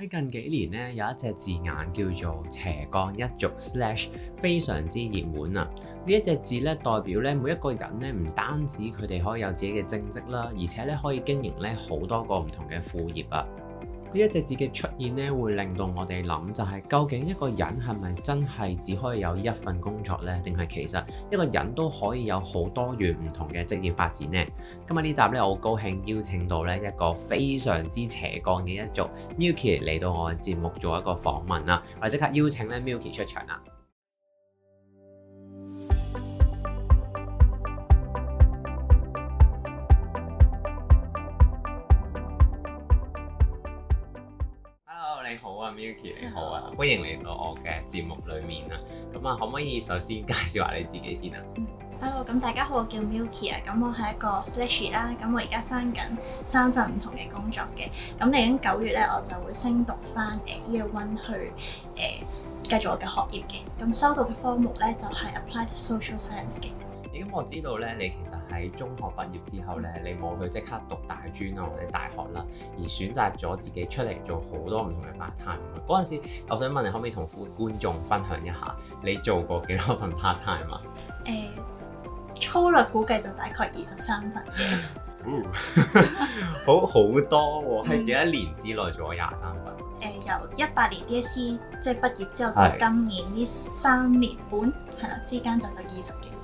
喺近幾年咧，有一隻字眼叫做「斜槓一族」slash，非常之熱門啊！呢一隻字咧，代表咧每一個人咧，唔單止佢哋可以有自己嘅正職啦，而且咧可以經營咧好多個唔同嘅副業啊！呢一隻字嘅出現咧，會令到我哋諗就係，究竟一個人係咪真係只可以有一份工作呢？定係其實一個人都可以有好多樣唔同嘅職業發展呢？今日呢集咧，好高興邀請到咧一個非常之斜槓嘅一族 Milky 嚟到我嘅節目做一個訪問啦。我即刻邀請咧 Milky 出場啦。Milky 你好啊，歡迎嚟到我嘅節目裡面啊。咁啊，可唔可以首先介紹下你自己先啊？Hello，咁大家好，我叫 Milky 啊。咁我係一個 slashie 啦。咁我而家翻緊三份唔同嘅工作嘅。咁嚟緊九月咧，我就會升讀翻誒 Year One 去誒繼續我嘅學業嘅。咁修讀嘅科目咧就係 Applied Social Science 嘅。咁我知道咧，你其實喺中學畢業之後咧，你冇去即刻讀大專啊，或者大學啦，而選擇咗自己出嚟做好多唔同嘅 part time。嗰陣時，我想問你可唔可以同觀觀眾分享一下你做過幾多份 part time 啊、嗯？誒，粗略估計就大概二十三份。好好多喎、哦，係幾 多年之內做咗廿三份？誒、嗯呃，由一八年 DSE 即係畢業之後是到今年呢三年半，係啦，之間就有二十幾。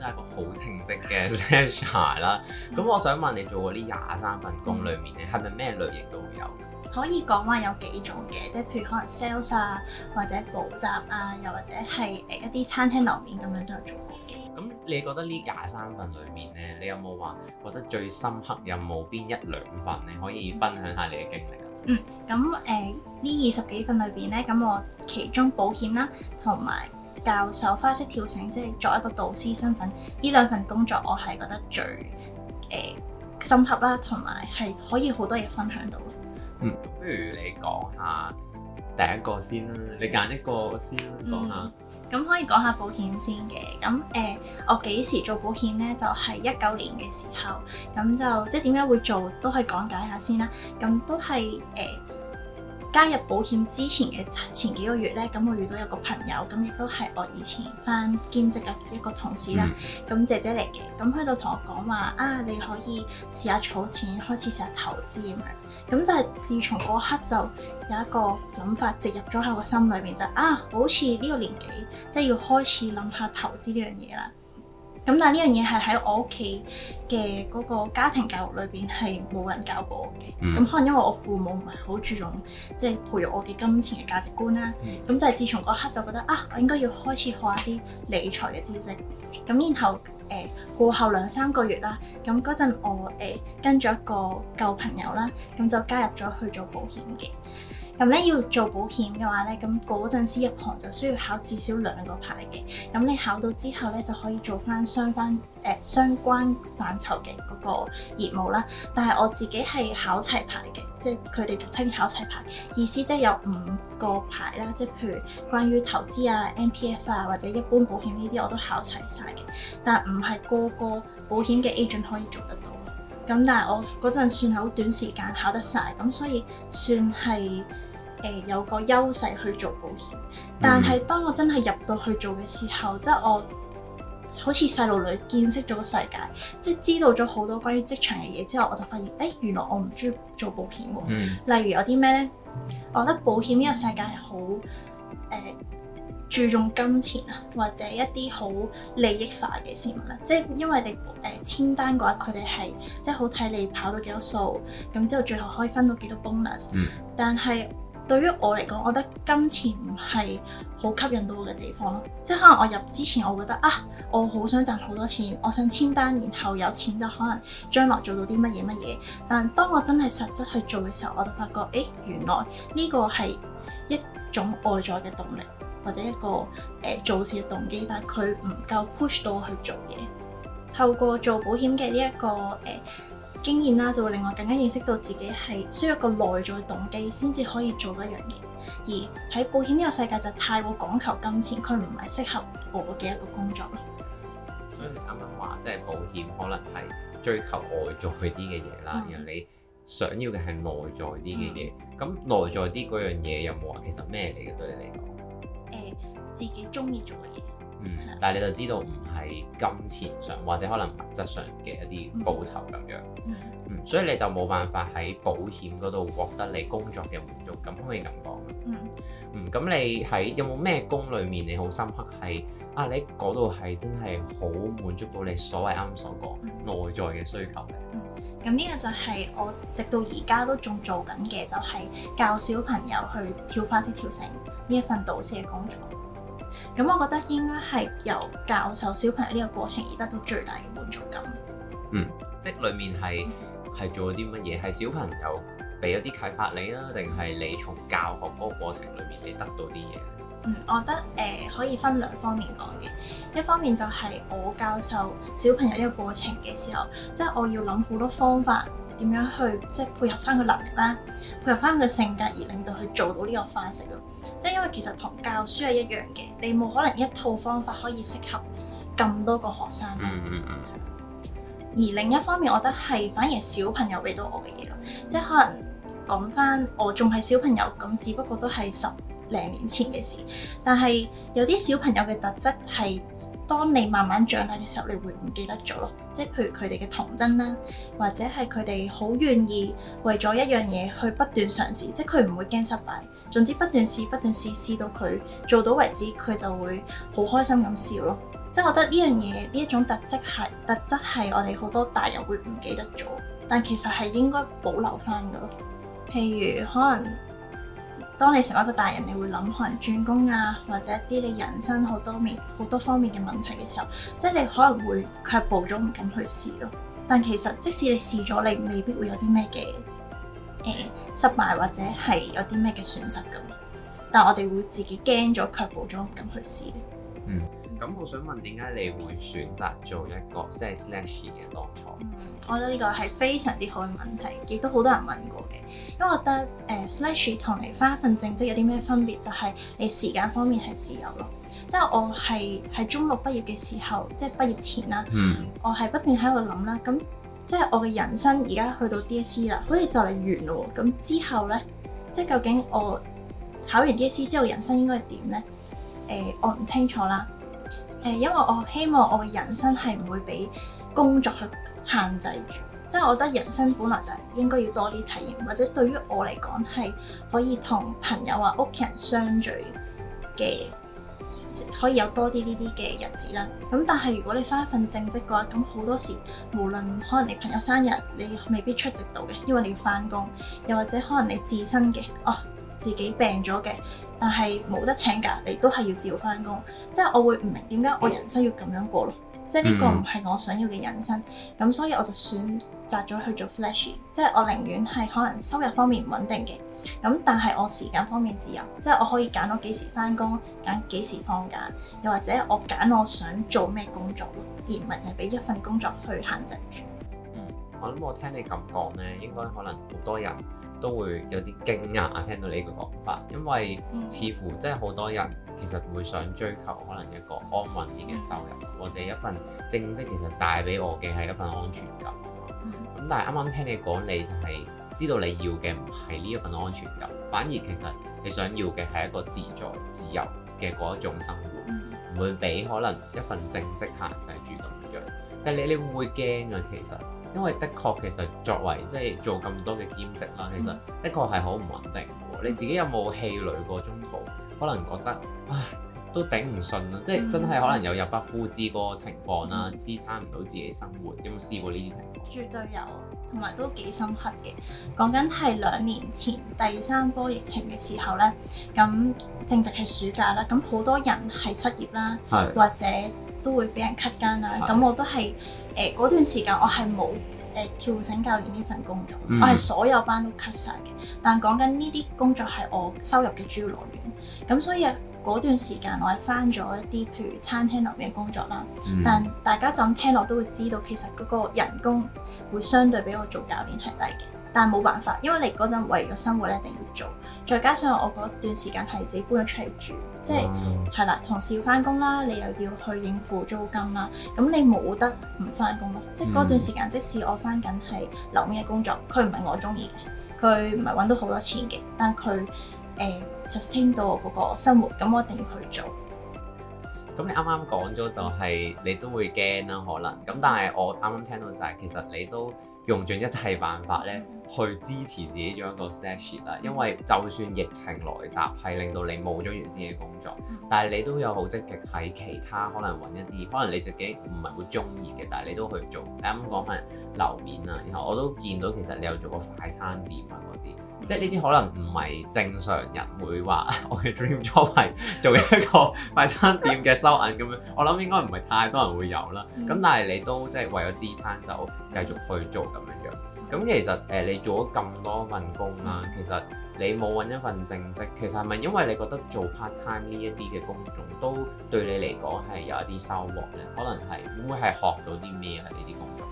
真係一個好稱職嘅 sales 啦，咁我想問你做過呢廿三份工裏面咧，係咪咩類型都會有？可以講話有幾種嘅，即係譬如可能 sales 啊，或者補習啊，又或者係誒一啲餐廳樓面咁樣都有做過嘅。咁 你覺得呢廿三份裏面咧，你有冇話覺得最深刻，有冇邊一兩份你可以分享下你嘅經歷啊？ 嗯，咁誒、呃、呢二十幾份裏邊咧，咁我其中保險啦、啊，同埋，教授花式跳繩，即係作為一個導師身份，呢兩份工作我係覺得最誒深刻啦，同埋係可以好多嘢分享到。嗯，不如你講下第一個先啦，你揀、嗯、一個先啦，講下。咁、嗯、可以講下保險先嘅，咁誒、呃、我幾時做保險咧？就係一九年嘅時候，咁就即係點解會做？都可以講解下先啦。咁都係誒。呃加入保險之前嘅前幾個月咧，咁我遇到有個朋友，咁亦都係我以前翻兼職嘅一個同事啦，咁姐姐嚟嘅，咁佢就同我講話啊，你可以試下儲錢，開始試下投資咁樣，咁就係自從嗰刻就有一個諗法植入咗喺個心裏面，就啊，好似呢個年紀，即係要開始諗下投資呢樣嘢啦。咁但係呢樣嘢係喺我屋企嘅嗰個家庭教育裏邊係冇人教過我嘅。咁、嗯、可能因為我父母唔係好注重即係、就是、培育我嘅金錢嘅價值觀啦。咁、嗯、就係自從嗰刻就覺得啊，我應該要開始學一啲理財嘅知識。咁然後誒、呃、過後兩三個月啦，咁嗰陣我誒、呃、跟咗一個舊朋友啦，咁就加入咗去做保險嘅。咁咧、嗯、要做保險嘅話咧，咁嗰陣時入行就需要考至少兩個牌嘅。咁你考到之後咧，就可以做翻相關誒、呃、相關範疇嘅嗰個業務啦。但係我自己係考齊牌嘅，即係佢哋俗稱考齊牌，意思即係有五個牌啦，即係譬如關於投資啊、MPF 啊或者一般保險呢啲我都考齊晒嘅。但係唔係個個保險嘅 agent 可以做得到。咁但係我嗰陣算係好短時間考得晒，咁所以算係。誒、呃、有個優勢去做保險，但係當我真係入到去做嘅時候，嗯、即係我好似細路女見識咗個世界，即係知道咗好多關於職場嘅嘢之後，我就發現誒原來我唔中意做保險喎、啊。嗯、例如有啲咩咧，我覺得保險呢個世界係好誒、呃、注重金錢啊，或者一啲好利益化嘅事物咧，即係因為你誒簽、呃、單嘅話，佢哋係即係好睇你跑到幾多數，咁之後最後可以分到幾多 bonus、嗯。但係。對於我嚟講，我覺得金錢唔係好吸引到我嘅地方咯。即係可能我入之前，我覺得啊，我好想賺好多錢，我想簽單，然後有錢就可能將來做到啲乜嘢乜嘢。但係當我真係實質去做嘅時候，我就發覺，誒原來呢個係一種外在嘅動力，或者一個誒、呃、做事嘅動機，但係佢唔夠 push 到我去做嘢。透過做保險嘅呢一個誒。呃經驗啦，就會令我更加認識到自己係需要個內在動機，先至可以做一樣嘢。而喺保險呢個世界就太過講求金錢，佢唔係適合我嘅一個工作咯。所以你啱啱話，即係保險可能係追求外在啲嘅嘢啦。而你想要嘅係內在啲嘅嘢。咁內在啲嗰樣嘢有冇話？其實咩嚟嘅對你嚟講？誒，自己中意做嘅嘢。嗯，但係你就知道唔係金錢上或者可能物質上嘅一啲報酬咁樣，嗯，嗯，所以你就冇辦法喺保險嗰度獲得你工作嘅滿足，咁可以咁講。嗯，嗯，咁你喺有冇咩工裡面你好深刻係啊？你嗰度係真係好滿足到你所謂啱啱所講內在嘅需求嘅。嗯，咁呢個就係我直到而家都仲做緊嘅，就係教小朋友去跳花式跳繩呢一份導師嘅工作。咁我覺得應該係由教授小朋友呢個過程而得到最大嘅滿足感。嗯，即係裡面係係、嗯、做咗啲乜嘢？係小朋友俾一啲啟發你啦，定係你從教學嗰個過程裡面你得到啲嘢？嗯，我覺得誒可以分兩方面講嘅。一方面就係我教授小朋友呢個過程嘅時候，即係我要諗好多方法。點樣去即係配合翻佢能力啦，配合翻佢性格而令到佢做到呢個花式咯。即係因為其實同教書係一樣嘅，你冇可能一套方法可以適合咁多個學生。嗯嗯嗯。而另一方面，我覺得係反而小朋友俾到我嘅嘢咯。即係可能講翻我仲係小朋友咁，只不過都係十零年前嘅事，但係有啲小朋友嘅特質係，當你慢慢長大嘅時候，你會唔記得咗咯。即係譬如佢哋嘅童真啦，或者係佢哋好願意為咗一樣嘢去不斷嘗試，即係佢唔會驚失敗。總之不斷試，不斷試，試到佢做到為止，佢就會好開心咁笑咯。即係我覺得呢樣嘢，呢一種特質係特質係我哋好多大人會唔記得咗，但其實係應該保留翻㗎。譬如可能。當你成為一個大人，你會諗可能轉工啊，或者一啲你人生好多面、好多方面嘅問題嘅時候，即係你可能會卻步咗，唔敢去試咯。但其實即使你試咗，你未必會有啲咩嘅誒失敗，或者係有啲咩嘅損失咁。但我哋會自己驚咗，卻步咗，唔敢去試。嗯。咁我想問點解你會選擇做一個即係 slash 嘅當初？嗯，我覺得呢個係非常之好嘅問題，亦都好多人問過嘅。因為我覺得誒、呃、slash 同你返份正職有啲咩分別？就係、是、你時間方面係自由咯。即係我係喺中六畢業嘅時候，即係畢業前啦。嗯。我係不斷喺度諗啦，咁即係我嘅人生而家去到 DSE 啦，好似就嚟完嘞喎。咁之後咧，即係究竟我考完 DSE 之後人生應該係點咧？誒、呃，我唔清楚啦。誒，因為我希望我嘅人生係唔會俾工作去限制住，即係我覺得人生本來就係應該要多啲體驗，或者對於我嚟講係可以同朋友啊、屋企人相聚嘅，可以有多啲呢啲嘅日子啦。咁但係如果你返一份正職嘅話，咁好多時無論可能你朋友生日，你未必出席到嘅，因為你要返工；又或者可能你自身嘅，哦，自己病咗嘅，但係冇得請假，你都係要照返工。即係我會唔明點解我人生要咁樣過咯，即係呢個唔係我想要嘅人生，咁所以我就選擇咗去做 slash，即係我寧願係可能收入方面唔穩定嘅，咁但係我時間方面自由，即係我可以揀我幾時翻工，揀幾時放假，又或者我揀我想做咩工作咯，而唔係就俾一份工作去限制住。嗯，我諗我聽你咁講呢，應該可能好多人都會有啲驚訝聽到你呢個講法，因為似乎即係好多人。嗯。其實會想追求可能一個安穩啲嘅收入，或者一份正職，其實帶俾我嘅係一份安全感咁、嗯、但係啱啱聽你講，你就係知道你要嘅唔係呢一份安全感，反而其實你想要嘅係一個自在自由嘅嗰一種生活，唔、嗯、會俾可能一份正職限制住咁樣。但你你會唔會驚啊？其實因為的確其實作為即係、就是、做咁多嘅兼職啦，其實的確係好唔穩定。你自己有冇氣餒過中？可能覺得唉都頂唔順啦，即係、嗯、真係可能有入不敷支嗰個情況啦，支撐唔到自己生活。有冇試過呢啲情況？絕對有，同埋都幾深刻嘅。講緊係兩年前第三波疫情嘅時候呢，咁正值係暑假啦，咁好多人係失業啦，的或者都會俾人 cut 間啦。咁的我都係誒嗰段時間我，我係冇誒跳繩教練呢份工作，嗯、我係所有班都 cut 晒嘅。但講緊呢啲工作係我收入嘅主要來源。咁所以啊，嗰段時間我係翻咗一啲，譬如餐廳樓面嘅工作啦。嗯、但大家就咁聽落都會知道，其實嗰個人工會相對比我做教練係低嘅。但係冇辦法，因為你嗰陣為咗生活咧，一定要做。再加上我嗰段時間係自己搬咗出嚟住，哇即係係啦，同事要翻工啦，你又要去應付租金啦。咁你冇得唔翻工咯。嗯、即係嗰段時間，即使我翻緊係樓面嘅工作，佢唔係我中意嘅，佢唔係揾到好多錢嘅，但佢，誒 sustain 到嗰個生活，咁我一定要去做。咁你啱啱講咗就係、是、你都會驚啦，可能咁，但係我啱啱聽到就係、是、其實你都用盡一切辦法咧、嗯、去支持自己做一個 slash 啦。嗯、因為就算疫情來襲，係令到你冇咗原先嘅工作，嗯、但係你都有好積極喺其他可能揾一啲，可能你自己唔係好中意嘅，但係你都去做。啱啱講翻樓面啊，然後我都見到其實你有做過快餐店啊嗰啲。即係呢啲可能唔係正常人會話， 我嘅 dream job 係做一個快餐店嘅收銀咁樣。我諗應該唔係太多人會有啦。咁 但係你都即係為咗支撐就繼續去做咁樣樣。咁其實誒、呃，你做咗咁多份工啦， 其實你冇揾一份正職，其實係咪因為你覺得做 part time 呢一啲嘅工作都對你嚟講係有一啲收穫呢？可能係會係學到啲咩啊？呢啲工作？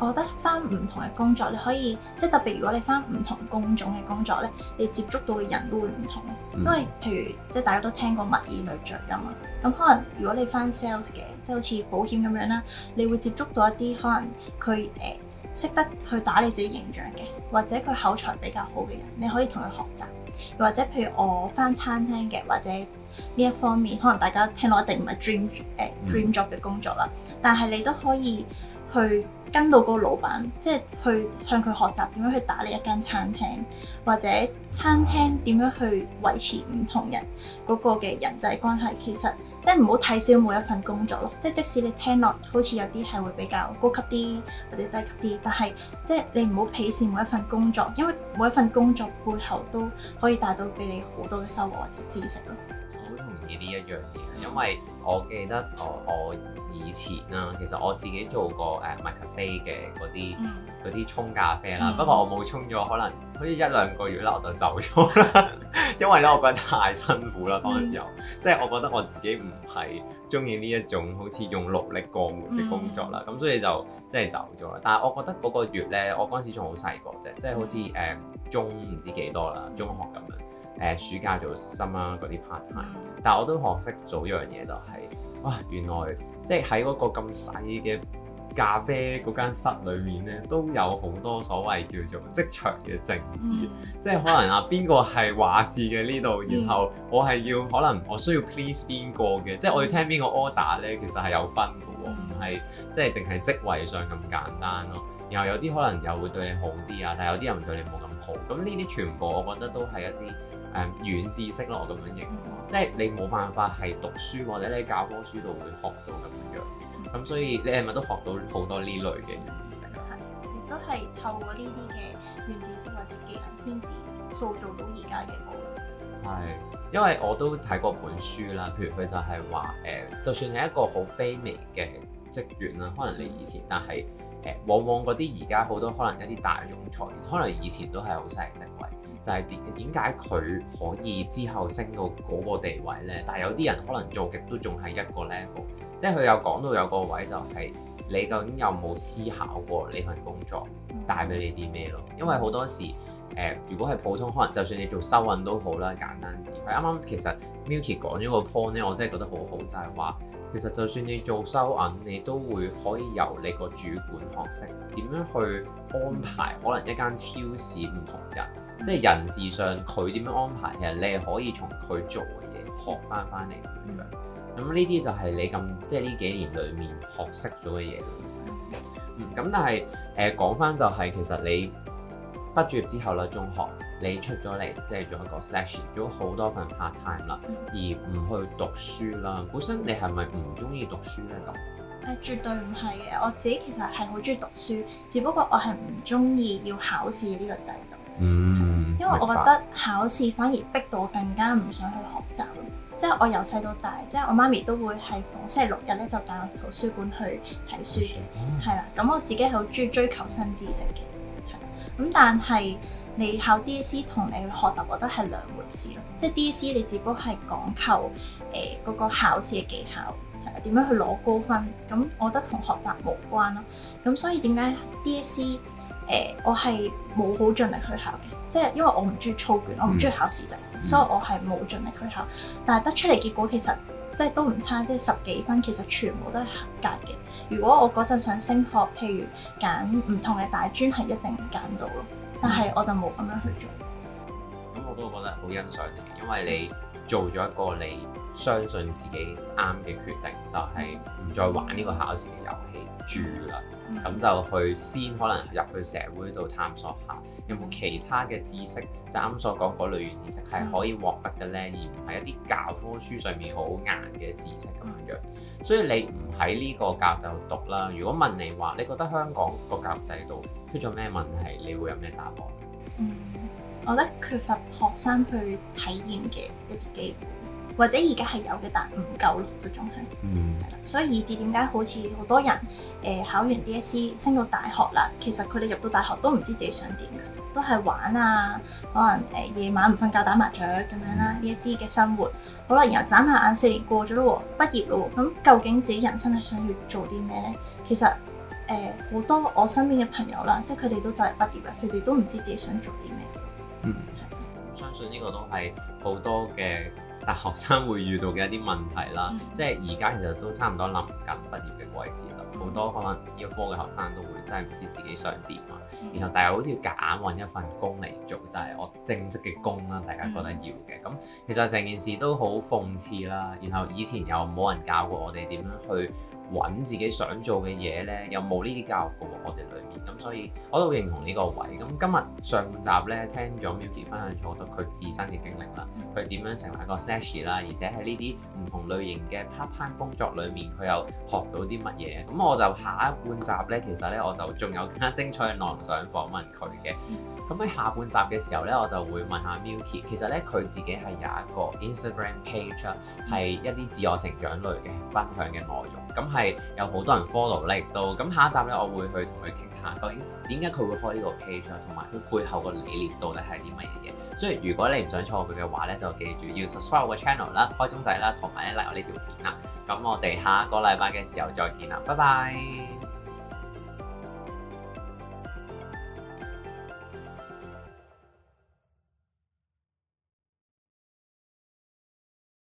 我覺得返唔同嘅工作，你可以即係特別，如果你返唔同工種嘅工作咧，你接觸到嘅人都會唔同。因為譬如即係大家都聽過物以類聚㗎嘛，咁可能如果你返 sales 嘅，即係好似保險咁樣啦，你會接觸到一啲可能佢誒識得去打理自己形象嘅，或者佢口才比較好嘅人，你可以同佢學習。或者譬如我返餐廳嘅，或者呢一方面，可能大家聽落一定唔係 dream 誒 dream job 嘅工作啦，但係你都可以。去跟到個老闆，即係去向佢學習點樣去打理一間餐廳，或者餐廳點樣去維持唔同人嗰個嘅人際關係。其實即係唔好睇小每一份工作咯，即係即使你聽落好似有啲係會比較高級啲或者低級啲，但係即係你唔好鄙視每一份工作，因為每一份工作背後都可以帶到俾你好多嘅收穫或者知識咯。好同意呢一樣嘢。因為我記得我我以前啦、啊，其實我自己做過誒賣咖啡嘅嗰啲啲沖咖啡啦，嗯、不過我冇沖咗，可能好似一兩個月啦，我就走咗啦。 因為咧，我覺得太辛苦啦，嗰陣時候，即係我覺得我自己唔係鍾意呢一種好似用勞力過活嘅工作啦，咁、嗯、所以就即係走咗啦。但係我覺得嗰個月咧，我嗰陣時仲、嗯、好細個啫，即係好似誒中唔知幾多啦，中學咁樣。誒暑假做 summer 嗰啲 part time，但係我都學識做一樣嘢，就係，就係哇原來即係喺嗰個咁細嘅咖啡嗰間室裏面咧，都有好多所謂叫做職場嘅政治，嗯、即係可能啊邊個係話事嘅呢度，然後我係要可能我需要 please 邊個嘅，嗯、即係我要聽邊個 order 咧，其實係有分嘅喎，唔係即係淨係職位上咁簡單咯。然後有啲可能又會對你好啲啊，但係有啲人對你冇咁好，咁呢啲全部我覺得都係一啲。誒軟知識咯，我咁樣形容，mm hmm. 即係你冇辦法係讀書或者你教科書度會學到咁樣，咁、mm hmm. 所以你係咪都學到好多呢類嘅軟知識啊？係，亦都係透過呢啲嘅軟知識或者技能先至塑造到而家嘅我。係，因為我都睇過本書啦，譬如佢就係話誒，就算係一個好卑微嘅職員啦，可能你以前但係誒、呃，往往嗰啲而家好多可能一啲大總裁，可能以前都係好細嘅職位。就係點點解佢可以之後升到嗰個地位呢？但係有啲人可能做極都仲係一個 level，即係佢有講到有個位就係你究竟有冇思考過呢份工作帶俾你啲咩咯？因為好多時誒、呃，如果係普通，可能就算你做收銀都好啦，簡單啲。係啱啱其實 Milky 講咗個 point 呢，我真係覺得好好，就係、是、話其實就算你做收銀，你都會可以由你個主管學識點樣去。安排可能一間超市唔同人，即係人事上佢點樣安排其實，你係可以從佢做嘅嘢學翻翻嚟嘅。咁呢啲就係你咁即係呢幾年裡面學識咗嘅嘢。咁但係誒講翻就係、是、其實你畢業之後啦，中學你出咗嚟即係做一個 slash，咗好多份 part time 啦，而唔去讀書啦。本身你係咪唔中意讀書呢？咁？係絕對唔係嘅，我自己其實係好中意讀書，只不過我係唔中意要考試呢個制度。嗯，因為我覺得考試反而逼到我更加唔想去學習咯。即係我由細到大，即係我媽咪都會係逢星期六日咧就帶我去圖書館去睇書嘅，係啦。咁我自己係好中意追求新知識嘅，係啦。咁但係你考 DSE 同你去學習，我覺得係兩回事咯。即係 DSE 你只不過係講求誒嗰、呃那個考試嘅技巧。點樣去攞高分？咁我覺得同學習無關咯。咁所以點解 DSE？誒，我係冇好盡力去考嘅，即係因為我唔中意操卷，我唔中意考試仔，嗯、所以我係冇盡力去考。但係得出嚟結果其實即係都唔差，即係十幾分，其實全部都係合格嘅。如果我嗰陣想升學，譬如揀唔同嘅大專，係一定揀到咯。但係我就冇咁樣去做。咁我都覺得好欣賞，因為你做咗一個你相信自己啱嘅決定，就係唔再玩呢個考試嘅遊戲住啦。咁、嗯、就去先可能入去社會度探索下，有冇其他嘅知識，就啱所講嗰類型知識係可以獲得嘅呢，而唔係一啲教科書上面好硬嘅知識咁樣。嗯、所以你唔喺呢個教制度讀啦。如果問你話，你覺得香港個教育制度出咗咩問題，你會有咩答案、嗯？我覺得缺乏學生去體驗嘅一啲機會。或者而家係有嘅，但唔夠咯，嗰種係，係啦。嗯、所以以至點解好似好多人誒、呃、考完 DSE 升到大學啦，其實佢哋入到大學都唔知自己想點，都係玩啊，可能誒、呃、夜晚唔瞓覺打麻雀咁樣啦，呢一啲嘅生活。好啦，然後眨下眼四年過咗咯喎，畢業咯喎，咁究竟自己人生係想要做啲咩咧？其實誒好、呃、多我身邊嘅朋友啦，即係佢哋都就嚟畢業啦，佢哋都唔知自己想做啲咩。嗯，相信呢個都係好多嘅。嗯但學生會遇到嘅一啲問題啦，嗯、即係而家其實都差唔多臨近畢業嘅季節啦，好多可能醫科嘅學生都會真係唔知自己想點啊，嗯、然後大家好似要夾硬揾一份工嚟做，就係、是、我正職嘅工啦，大家覺得要嘅，咁、嗯嗯、其實成件事都好諷刺啦，然後以前又冇人教過我哋點樣去揾自己想做嘅嘢呢，有冇呢啲教育嘅、啊、我哋裡面咁，所以我都好認同呢個位。咁今日上半集呢，聽咗 Milky 分享咗佢自身嘅經歷啦，佢點、嗯、樣成為一個 slash 啦，而且喺呢啲唔同類型嘅 part time 工作裡面，佢又學到啲乜嘢。咁我就下一半集呢，其實呢，我就仲有更加精彩嘅內容想訪問佢嘅。咁喺、嗯、下半集嘅時候呢，我就會問下 Milky，其實呢，佢自己係有一個 Instagram page 啊，係一啲自我成長類嘅分享嘅內容。咁係有好多人 follow 咧，到。咁下一集呢，我會去同佢傾下，究竟點解佢會開呢個 page 同埋佢背後個理念到底係啲乜嘢嘢。所以如果你唔想錯過佢嘅話呢，就記住要 subscribe 個 channel 啦、開鐘仔啦，同埋咧 l 我呢條片啦。咁我哋下個禮拜嘅時候再見啦，拜拜。